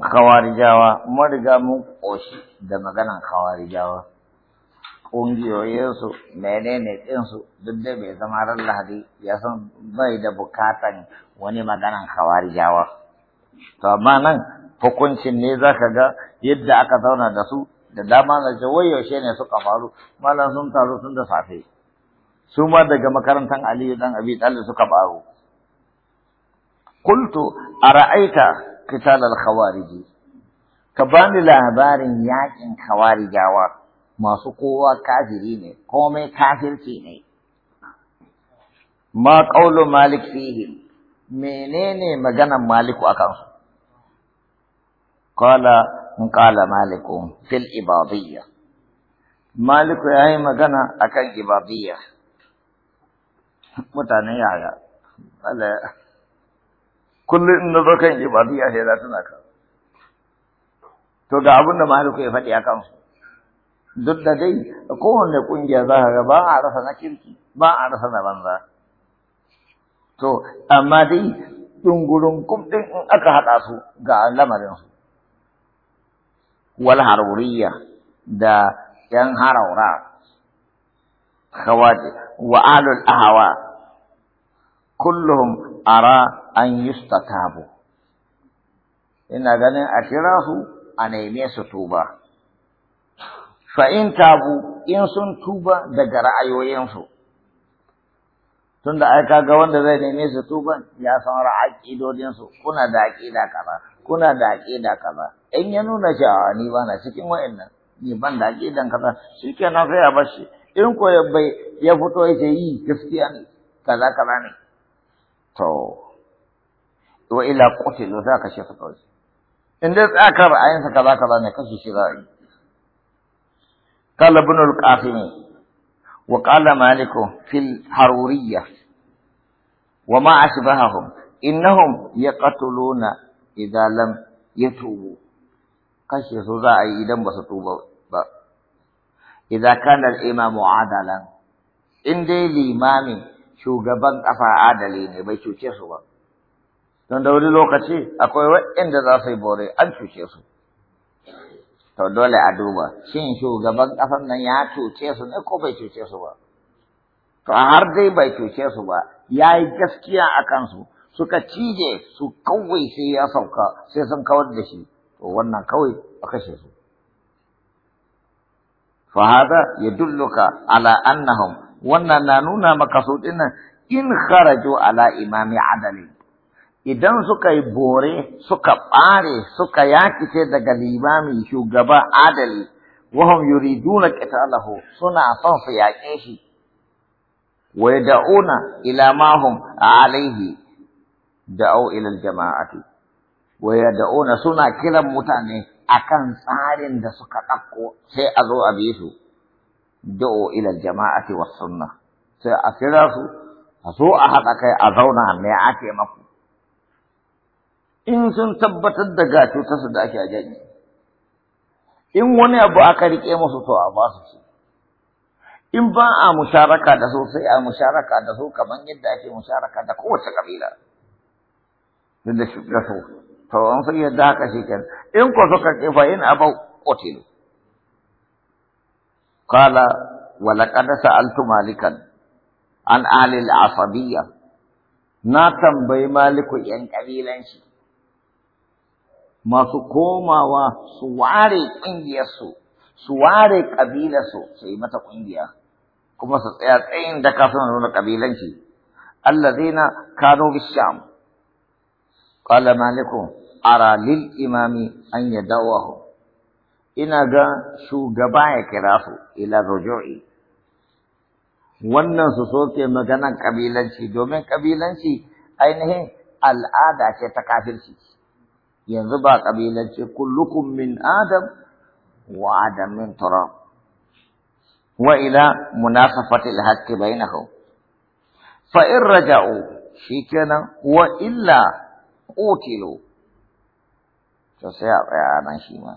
kawarijawa mariga riga mun ƙoshi da maganan kawarijawa Ƙungiyoyinsu, menene ɗinsu, duk da bai zama ran Lahadi ya bai da bukatan wani maganan kawarijawa To amma nan hukuncin ne za ka ga yadda aka zauna da su da dama na ce wai yaushe ne suka faru malam sun taru sun da safe su ma daga makarantar Aliyu dan Abi Talib suka faru. Kultu a ra'aita qital al-khawarij ka bani labarin yakin khawarijawa masu kowa kafiri ne komai kafirci ne ma qaulu malik fihi menene maganan maliku akan su qala qala maliku fil ibadiyya maliku yayi magana akan ibadiyya mutanen yaya Allah kullum in na zo kan ibadiyya sai za tuna ka to ga abin da maliku ya faɗi a su, duk da dai kowanne ƙungiya za ka ga ba a rasa na kirki ba a rasa na banza to amma dai ɗungurin kum in aka haɗa su ga lamarin su wal haruriya da yan haraura khawaji wa alul ahawa kulluhum ara an tabu. ina ganin a kira su a neme su tuba fa’in tabu in sun tuba daga ra'ayoyinsu tunda ai ga wanda zai neme su tuban ya san ra'aƙidodin su kuna da kaza kuna da aqida kaza in ya nuna cewa ni ba na cikin wayannan ni ban da aƙidan kaza shikenan sai a bashi." in ko bai ya fito yake yi gaskiya ne kaza kaza ne to wa ila qutilu za ka shi kawai in dai tsaka ra'ayinsa kaza kaza ne kashi shi za a yi قال ابن القاسم وقال مالك في الحرورية وما أشبههم إنهم يقتلون إذا لم يتوبوا kashi su za a yi idan ba su tuba ba. Idza kana al-imamu adalan in dai limamin shugaban kafa adali ne bai cuce su ba don da wani lokaci akwai waɗanda za su yi bore an cuce su to dole a duba shin shugaban kafan nan ya cuce su ne ko bai cuce su ba to har dai bai cuce su ba ya yi gaskiya a kansu suka cije su kawai sai ya sauka sai sun kawar da shi to wannan kawai a kashe su فهذا يدلك على أنهم wannan na nuna maka su dinnan in kharaju ala imami adali idan suka yi bore suka bare suka yakice daga limami shugaba adali wahum yuriduna qitalahu suna son su yaƙe shi wa yad'una ila ma hum alaihi da'u ila al wa yad'una suna kiran mutane akan tsarin da suka ɗauko sai a zo a bi su da'o ila jama'ati was sunna sai a kira su a zo a haɗa kai a zauna me ake maku in sun tabbatar da ta su da ake jaji in wani abu aka riƙe musu to a ba su ci in ba a musharaka da su sai a musharaka da su kamar yadda ake musharaka da kowace kabila da da su to an sai yadda haka shi in ko suka kifa in abau qutilu قال ولقد سألت مالكا عن أهل العصبية ناتم بي مالك ين قبيلان شي ما سو كوما وا سواري سو سواري سو سي متى قنجيا كما سطيا تين دكا سنون شي الذين كانوا بالشام قال مالك أرى للإمام أن يدعوهم ina ga shugaba ya kira su ila rujui wannan su soke maganan kabilanci domin kabilanci ainihin al'ada ce ta kafirci yanzu ba kabilanci kullukum min adam wa adam min turab wa ila munasafati al-haqqi bainahum fa in raja'u shikenan wa illa qutilu to sai a tsaya shi ma